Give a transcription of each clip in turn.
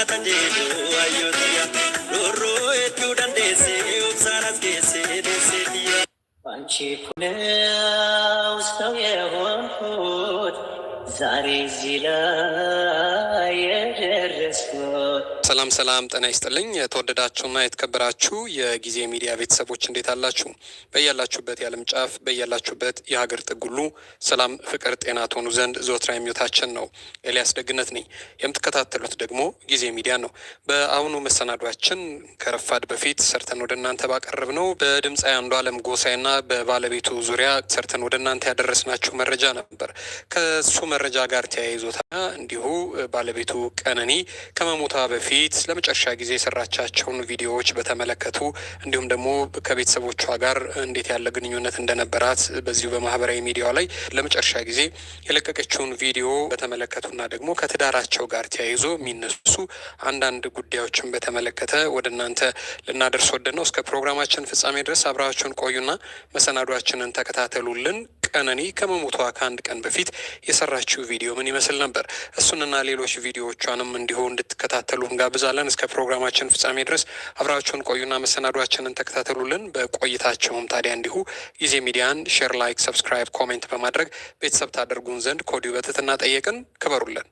laatan jedhu ayyootiyya durroo hedduu dandeesse obsaan as geesse deesseetiyya. አንቺ ኩነው ሰው የሆንኩት ዛሬ እዚህ ላይ ሰላም ሰላም፣ ጤና ይስጥልኝ የተወደዳችሁና የተከበራችሁ የጊዜ ሚዲያ ቤተሰቦች እንዴት አላችሁ? በያላችሁበት የዓለም ጫፍ በያላችሁበት የሀገር ሁሉ ሰላም፣ ፍቅር፣ ጤና ትሆኑ ዘንድ ዘወትር ምኞታችን ነው። ኤልያስ ደግነት ነኝ። የምትከታተሉት ደግሞ ጊዜ ሚዲያ ነው። በአሁኑ መሰናዷችን ከረፋድ በፊት ሰርተን ወደ እናንተ ባቀረብ ነው በድምፃዊ አለም ጎሳይና በባለቤቱ ዙሪያ ሰርተን ወደ እናንተ ያደረስናችሁ መረጃ ነበር። ከሱ መረጃ ጋር ተያይዞታ እንዲሁ ባለቤቱ ቀነኒ ከመሞቷ በፊት ቤት ለመጨረሻ ጊዜ የሰራቻቸውን ቪዲዮዎች በተመለከቱ እንዲሁም ደግሞ ከቤተሰቦቿ ጋር እንዴት ያለ ግንኙነት እንደነበራት በዚሁ በማህበራዊ ሚዲያ ላይ ለመጨረሻ ጊዜ የለቀቀችውን ቪዲዮ በተመለከቱና ደግሞ ከትዳራቸው ጋር ተያይዞ የሚነሱ አንዳንድ ጉዳዮችን በተመለከተ ወደ እናንተ ልናደርስ ወደን ነው። እስከ ፕሮግራማችን ፍጻሜ ድረስ አብራችሁን ቆዩና መሰናዷችንን ተከታተሉልን። ቀነኒ ከመሞቷ ከአንድ ቀን በፊት የሰራችው ቪዲዮ ምን ይመስል ነበር? እሱንና ሌሎች ቪዲዮዎቿንም እንዲሁ እንድትከታተሉ እንጋብዛለን። እስከ ፕሮግራማችን ፍጻሜ ድረስ አብራችሁን ቆዩና መሰናዷችንን ተከታተሉልን። በቆይታቸውም ታዲያ እንዲሁ ጊዜ ሚዲያን ሼር፣ ላይክ፣ ሰብስክራይብ፣ ኮሜንት በማድረግ ቤተሰብ ታደርጉን ዘንድ ከወዲሁ በትህትና ጠየቅን። ክበሩልን።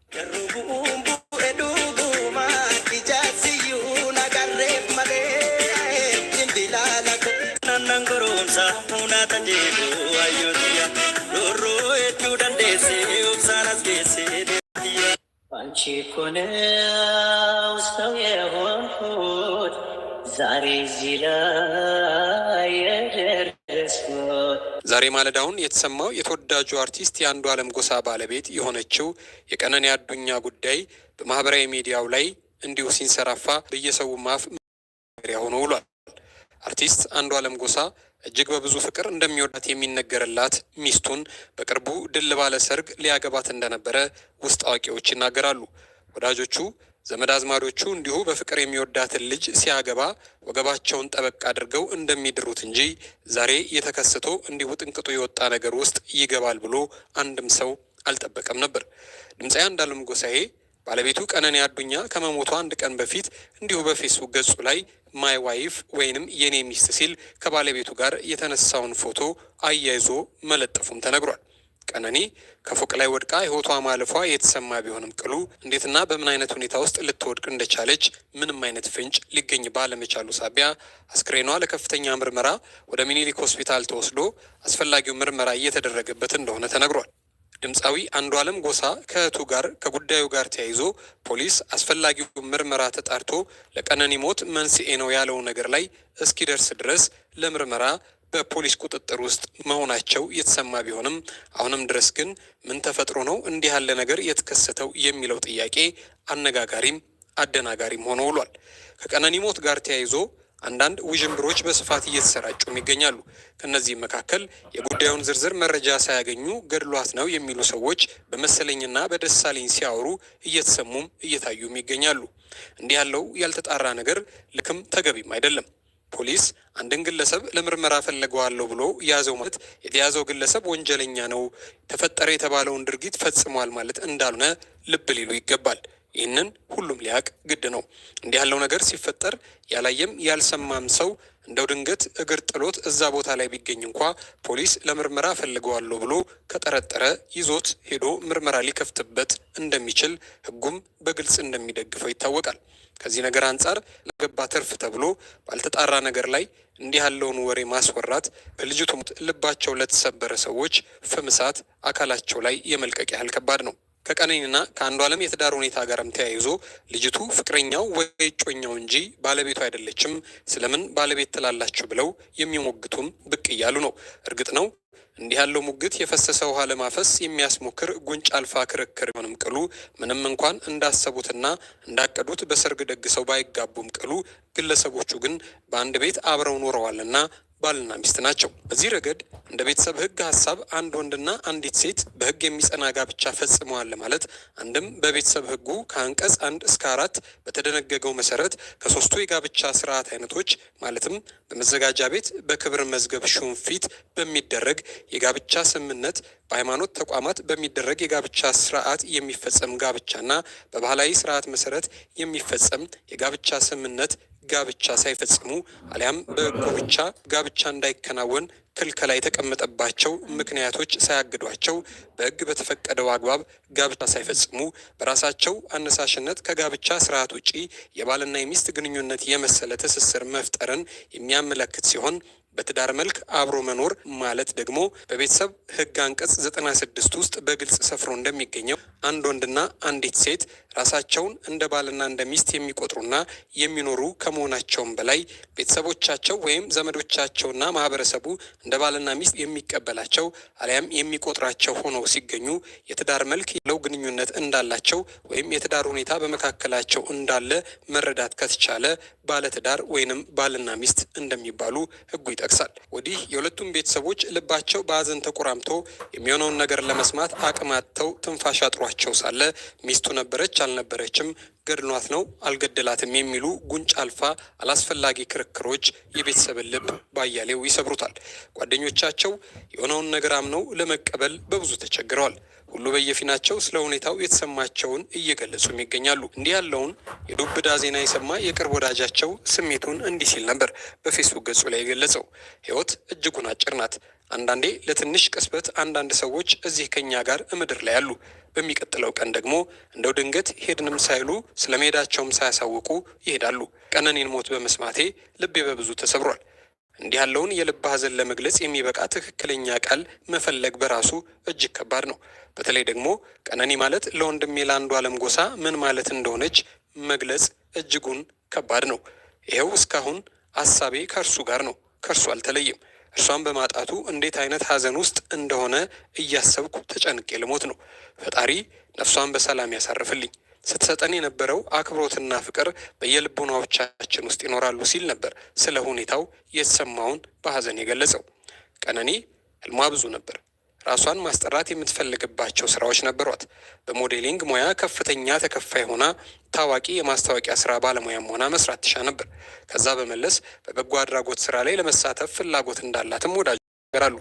Una አንቺ እኮ ነው ሰው የሆንኩት ዛሬ እዚህ ላይ የደረስኩት። ዛሬ ማለዳውን የተሰማው የተወዳጁ አርቲስት የአንዱ ዓለም ጎሳ ባለቤት የሆነችው የቀነኒ አዱኛ ጉዳይ በማህበራዊ ሚዲያው ላይ እንዲሁ ሲንሰራፋ በየሰው ማፍ ሪያ ሆኖ ውሏል። አርቲስት አንዱ ዓለም ጎሳ እጅግ በብዙ ፍቅር እንደሚወዳት የሚነገርላት ሚስቱን በቅርቡ ድል ባለ ሰርግ ሊያገባት እንደነበረ ውስጥ አዋቂዎች ይናገራሉ። ወዳጆቹ ዘመድ አዝማዶቹ እንዲሁ በፍቅር የሚወዳትን ልጅ ሲያገባ ወገባቸውን ጠበቅ አድርገው እንደሚድሩት እንጂ ዛሬ የተከሰተው እንዲሁ ጥንቅጡ የወጣ ነገር ውስጥ ይገባል ብሎ አንድም ሰው አልጠበቀም ነበር። ድምፃዊ አንዷለም ጎሳዬ ባለቤቱ ቀነኒ አዱኛ ከመሞቷ አንድ ቀን በፊት እንዲሁ በፌስቡክ ገጹ ላይ ማይ ዋይፍ ወይንም የኔ ሚስት ሲል ከባለቤቱ ጋር የተነሳውን ፎቶ አያይዞ መለጠፉም ተነግሯል። ቀነኒ ከፎቅ ላይ ወድቃ ሕይወቷ ማለፏ የተሰማ ቢሆንም ቅሉ እንዴትና በምን አይነት ሁኔታ ውስጥ ልትወድቅ እንደቻለች ምንም አይነት ፍንጭ ሊገኝ ባለመቻሉ ሳቢያ አስክሬኗ ለከፍተኛ ምርመራ ወደ ሚኒሊክ ሆስፒታል ተወስዶ አስፈላጊው ምርመራ እየተደረገበት እንደሆነ ተነግሯል። ድምፃዊ አንዷለም ጎሳ ከእህቱ ጋር ከጉዳዩ ጋር ተያይዞ ፖሊስ አስፈላጊው ምርመራ ተጣርቶ ለቀነኒ ሞት መንስኤ ነው ያለው ነገር ላይ እስኪደርስ ድረስ ለምርመራ በፖሊስ ቁጥጥር ውስጥ መሆናቸው የተሰማ ቢሆንም አሁንም ድረስ ግን ምን ተፈጥሮ ነው እንዲህ ያለ ነገር የተከሰተው የሚለው ጥያቄ አነጋጋሪም አደናጋሪም ሆኖ ውሏል። ከቀነኒ ሞት ጋር ተያይዞ አንዳንድ ውዥንብሮች በስፋት እየተሰራጩም ይገኛሉ። ከእነዚህም መካከል የጉዳዩን ዝርዝር መረጃ ሳያገኙ ገድሏት ነው የሚሉ ሰዎች በመሰለኝና በደሳለኝ ሲያወሩ እየተሰሙም እየታዩም ይገኛሉ። እንዲህ ያለው ያልተጣራ ነገር ልክም ተገቢም አይደለም። ፖሊስ አንድን ግለሰብ ለምርመራ ፈለገዋለሁ ብሎ ያዘው ማለት የተያዘው ግለሰብ ወንጀለኛ ነው፣ ተፈጠረ የተባለውን ድርጊት ፈጽሟል ማለት እንዳልሆነ ልብ ሊሉ ይገባል። ይህንን ሁሉም ሊያውቅ ግድ ነው። እንዲህ ያለው ነገር ሲፈጠር ያላየም ያልሰማም ሰው እንደው ድንገት እግር ጥሎት እዛ ቦታ ላይ ቢገኝ እንኳ ፖሊስ ለምርመራ ፈልገዋለሁ ብሎ ከጠረጠረ ይዞት ሄዶ ምርመራ ሊከፍትበት እንደሚችል ሕጉም በግልጽ እንደሚደግፈው ይታወቃል። ከዚህ ነገር አንጻር ለገባ ትርፍ ተብሎ ባልተጣራ ነገር ላይ እንዲህ ያለውን ወሬ ማስወራት በልጅቱ ልባቸው ለተሰበረ ሰዎች ፍምሳት አካላቸው ላይ የመልቀቅ ያህል ከባድ ነው። ከቀነኒና ዓለም የትዳር ሁኔታ ጋርም ተያይዞ ልጅቱ ፍቅረኛው ወይ እጮኛው እንጂ ባለቤቱ አይደለችም፣ ስለምን ባለቤት ትላላችሁ ብለው የሚሞግቱም ብቅ እያሉ ነው። እርግጥ ነው እንዲህ ያለው ሙግት የፈሰሰ ውሃ ለማፈስ የሚያስሞክር ጉንጭ አልፋ ክርክር ሆንም ቅሉ ምንም እንኳን እንዳሰቡትና እንዳቀዱት በሰርግ ደግሰው ባይጋቡም ቅሉ ግለሰቦቹ ግን በአንድ ቤት አብረው ኖረዋልና ባልና ሚስት ናቸው። በዚህ ረገድ እንደ ቤተሰብ ህግ ሀሳብ አንድ ወንድና አንዲት ሴት በህግ የሚጸና ጋብቻ ፈጽመዋል ማለት አንድም በቤተሰብ ህጉ ከአንቀጽ አንድ እስከ አራት በተደነገገው መሰረት ከሶስቱ የጋብቻ ስርዓት አይነቶች ማለትም በመዘጋጃ ቤት፣ በክብር መዝገብ ሹም ፊት በሚደረግ የጋብቻ ስምምነት በሃይማኖት ተቋማት በሚደረግ የጋብቻ ስርዓት የሚፈጸም ጋብቻና በባህላዊ ስርዓት መሰረት የሚፈጸም የጋብቻ ስምምነት ጋብቻ ሳይፈጽሙ አሊያም በሕጉ ብቻ ጋብቻ እንዳይከናወን ክልከላ የተቀመጠባቸው ምክንያቶች ሳያግዷቸው በህግ በተፈቀደው አግባብ ጋብቻ ሳይፈጽሙ በራሳቸው አነሳሽነት ከጋብቻ ስርዓት ውጪ የባልና የሚስት ግንኙነት የመሰለ ትስስር መፍጠርን የሚያመለክት ሲሆን በትዳር መልክ አብሮ መኖር ማለት ደግሞ በቤተሰብ ሕግ አንቀጽ 96 ውስጥ በግልጽ ሰፍሮ እንደሚገኘው አንድ ወንድና አንዲት ሴት ራሳቸውን እንደ ባልና እንደ ሚስት የሚቆጥሩና የሚኖሩ ከመሆናቸውም በላይ ቤተሰቦቻቸው ወይም ዘመዶቻቸውና ማህበረሰቡ እንደ ባልና ሚስት የሚቀበላቸው አሊያም የሚቆጥራቸው ሆነው ሲገኙ የትዳር መልክ ያለው ግንኙነት እንዳላቸው ወይም የትዳር ሁኔታ በመካከላቸው እንዳለ መረዳት ከተቻለ ባለትዳር ወይንም ባልና ሚስት እንደሚባሉ ህጉ ይጠቅሳል። ይጠቅሳል። ወዲህ የሁለቱም ቤተሰቦች ልባቸው በሀዘን ተቆራምቶ የሚሆነውን ነገር ለመስማት አቅም አጥተው ትንፋሽ አጥሯቸው ሳለ ሚስቱ ነበረች አልነበረችም ገድሏት ነው አልገደላትም የሚሉ ጉንጭ አልፋ አላስፈላጊ ክርክሮች የቤተሰብን ልብ ባያሌው ይሰብሩታል። ጓደኞቻቸው የሆነውን ነገር አምነው ለመቀበል በብዙ ተቸግረዋል። ሁሉ በየፊናቸው ስለ ሁኔታው የተሰማቸውን እየገለጹም ይገኛሉ። እንዲህ ያለውን የዱብ ዜና የሰማ የቅርብ ወዳጃቸው ስሜቱን እንዲህ ሲል ነበር በፌስቡክ ገጹ ላይ የገለጸው። ሕይወት እጅጉን አጭር ናት። አንዳንዴ ለትንሽ ቅስበት አንዳንድ ሰዎች እዚህ ከኛ ጋር ምድር ላይ አሉ። በሚቀጥለው ቀን ደግሞ እንደው ድንገት ሄድንም ሳይሉ ስለ መሄዳቸውም ሳያሳውቁ ይሄዳሉ። ቀነኔን ሞት በመስማቴ ልቤ በብዙ ተሰብሯል። እንዲህ ያለውን የልብ ሐዘን ለመግለጽ የሚበቃ ትክክለኛ ቃል መፈለግ በራሱ እጅግ ከባድ ነው። በተለይ ደግሞ ቀነኒ ማለት ለወንድሜ ለአንዱ ዓለም ጎሳ ምን ማለት እንደሆነች መግለጽ እጅጉን ከባድ ነው። ይኸው እስካሁን አሳቤ ከእርሱ ጋር ነው፣ ከእርሱ አልተለይም። እርሷን በማጣቱ እንዴት አይነት ሐዘን ውስጥ እንደሆነ እያሰብኩ ተጨንቄ ልሞት ነው። ፈጣሪ ነፍሷን በሰላም ያሳርፍልኝ። ስትሰጠን የነበረው አክብሮትና ፍቅር በየልቦናዎቻችን ውስጥ ይኖራሉ ሲል ነበር ስለ ሁኔታው የተሰማውን በሐዘን የገለጸው። ቀነኒ ህልሟ ብዙ ነበር። ራሷን ማስጠራት የምትፈልግባቸው ስራዎች ነበሯት። በሞዴሊንግ ሙያ ከፍተኛ ተከፋይ ሆና ታዋቂ የማስታወቂያ ስራ ባለሙያም ሆና መስራት ትሻ ነበር። ከዛ በመለስ በበጎ አድራጎት ስራ ላይ ለመሳተፍ ፍላጎት እንዳላትም ወዳጅ ይናገራሉ።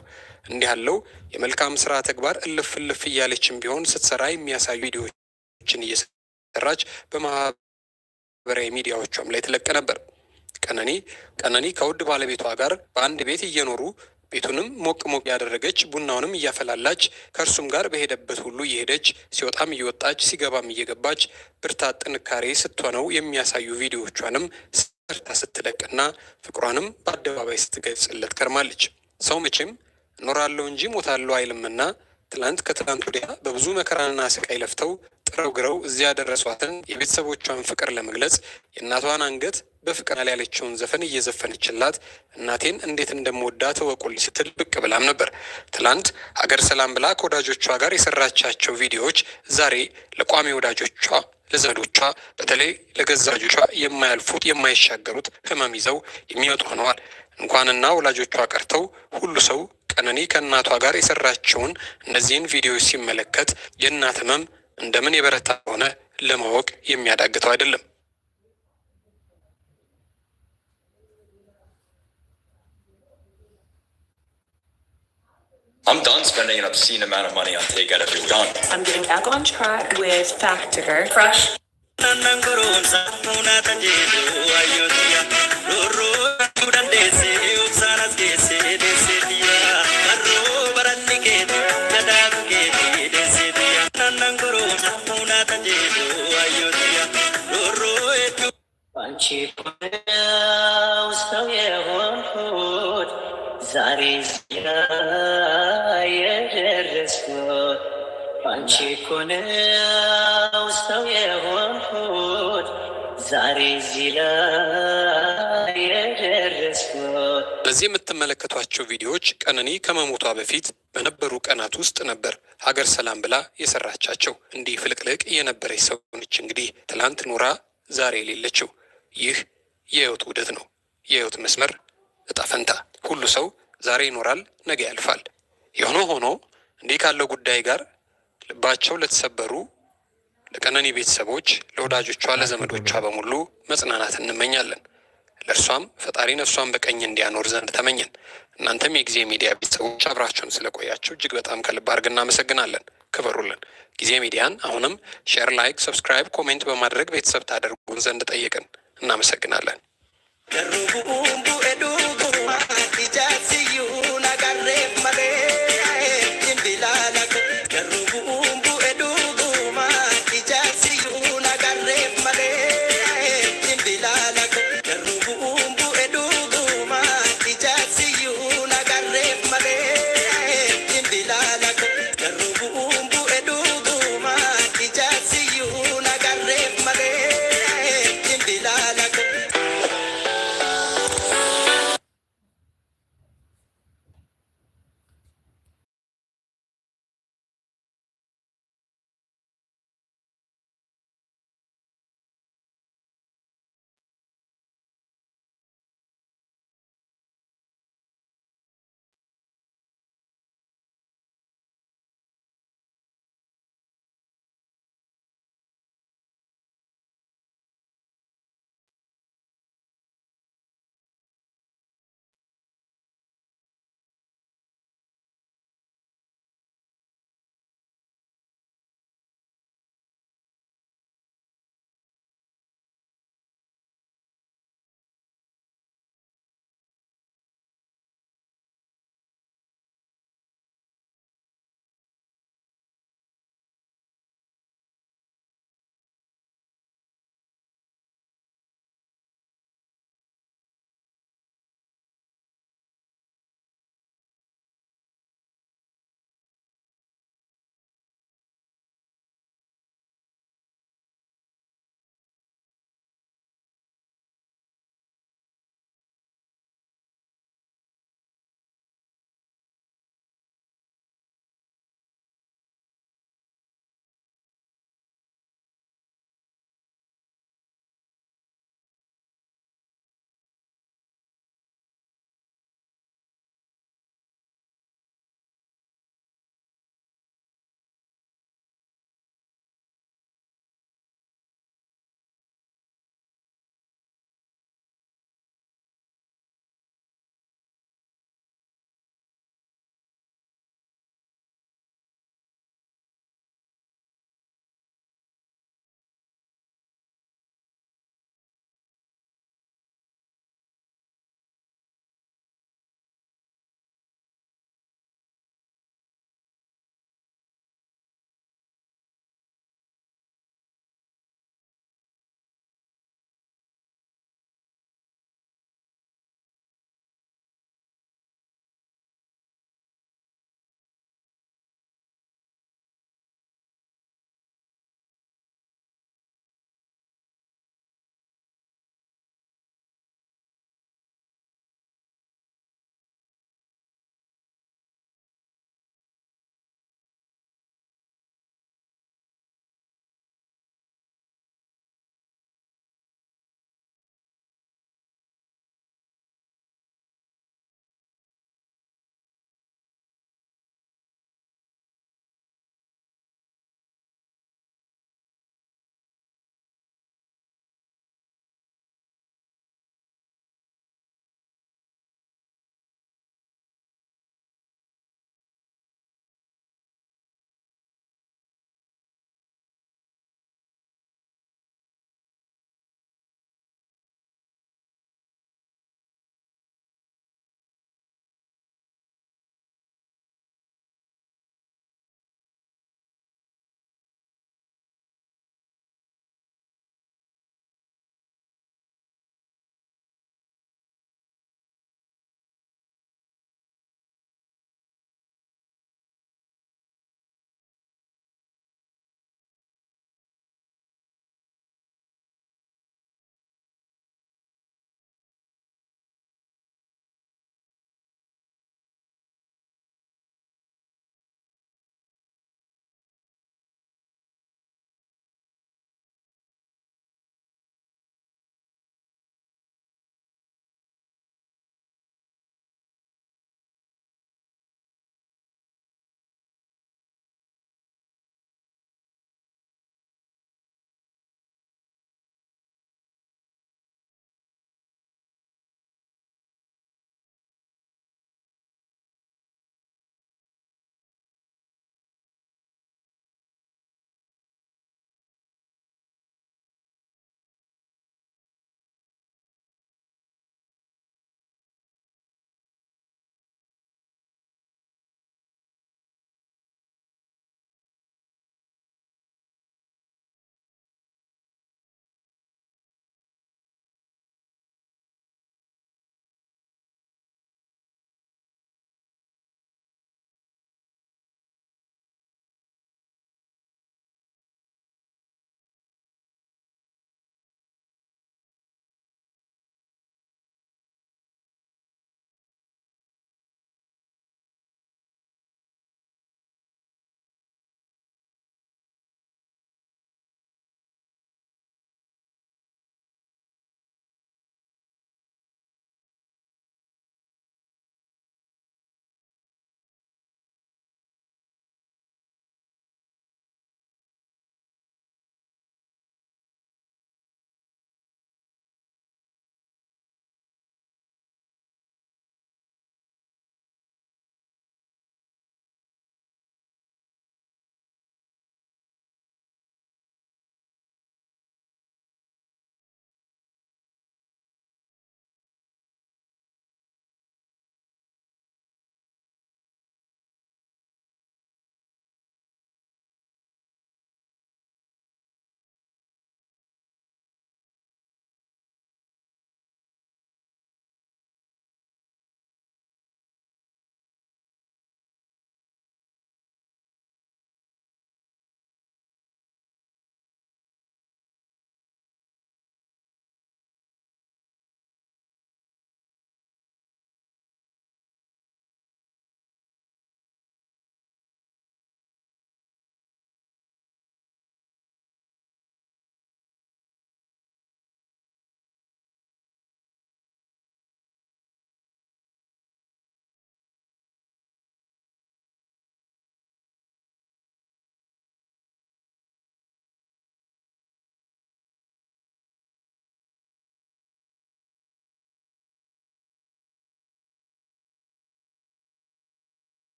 እንዲህ ያለው የመልካም ስራ ተግባር እልፍ እልፍ እያለችም ቢሆን ስትሰራ የሚያሳዩ ቪዲዮዎችን እየሰ እንደሰራች በማህበራዊ ሚዲያዎቿም ላይ ትለቀ ነበር። ቀነኒ ቀነኒ ከውድ ባለቤቷ ጋር በአንድ ቤት እየኖሩ ቤቱንም ሞቅ ሞቅ ያደረገች ቡናውንም እያፈላላች ከእርሱም ጋር በሄደበት ሁሉ እየሄደች ሲወጣም እየወጣች ሲገባም እየገባች ብርታት ጥንካሬ ስትሆነው የሚያሳዩ ቪዲዮዎቿንም ሰርታ ስትለቅና ፍቅሯንም በአደባባይ ስትገልጽለት ከርማለች። ሰው መቼም እኖራለሁ እንጂ ሞታለሁ አይልምና ትላንት ከትላንት ወዲያ በብዙ መከራና ስቃይ ለፍተው ጥረው ግረው እዚያ ያደረሷትን የቤተሰቦቿን ፍቅር ለመግለጽ የእናቷን አንገት በፍቅር ላይ ያለችውን ዘፈን እየዘፈነችላት እናቴን እንዴት እንደምወዳ እወቁልኝ ስትል ብቅ ብላም ነበር። ትላንት ሀገር ሰላም ብላ ከወዳጆቿ ጋር የሰራቻቸው ቪዲዮዎች ዛሬ ለቋሚ ወዳጆቿ፣ ለዘመዶቿ፣ በተለይ ለገዛጆቿ የማያልፉት የማይሻገሩት ህመም ይዘው የሚወጡ ሆነዋል። እንኳንና ወላጆቿ ቀርተው ሁሉ ሰው ቀነኒ ከእናቷ ጋር የሰራቸውን እነዚህን ቪዲዮዎች ሲመለከት የእናት ህመም እንደምን የበረታ ሆነ ለማወቅ የሚያዳግተው አይደለም። I'm done spending an obscene amount of money on takeout every week. Done. I'm getting back on track with Factor. Digger. Fresh. አንቺ ሆነው ሰው የሆንኩት ዛሬ እዚያ የደረስኩት አንቺ ሆነው ሰው የሆንኩት ዛሬ እዚህ ላይ የደረስኩት። በዚህ የምትመለከቷቸው ቪዲዮዎች ቀነኒ ከመሞቷ በፊት በነበሩ ቀናት ውስጥ ነበር ሀገር ሰላም ብላ የሰራቻቸው። እንዲህ ፍልቅልቅ የነበረች ሰው ነች። እንግዲህ ትላንት ኑራ ዛሬ የሌለችው ይህ የህይወት ውደት ነው። የህይወት መስመር እጣ ፈንታ። ሁሉ ሰው ዛሬ ይኖራል፣ ነገ ያልፋል። የሆነ ሆኖ እንዲህ ካለው ጉዳይ ጋር ልባቸው ለተሰበሩ ለቀነኒ ቤተሰቦች፣ ለወዳጆቿ፣ ለዘመዶቿ በሙሉ መጽናናት እንመኛለን። ለእርሷም ፈጣሪ ነፍሷን በቀኝ እንዲያኖር ዘንድ ተመኘን። እናንተም የጊዜ ሚዲያ ቤተሰቦች አብራችሁን ስለቆያችሁ እጅግ በጣም ከልብ አድርገን እናመሰግናለን። ክበሩልን። ጊዜ ሚዲያን አሁንም ሼር፣ ላይክ፣ ሰብስክራይብ፣ ኮሜንት በማድረግ ቤተሰብ ታደርጉን ዘንድ ጠየቅን። እናመሰግናለን።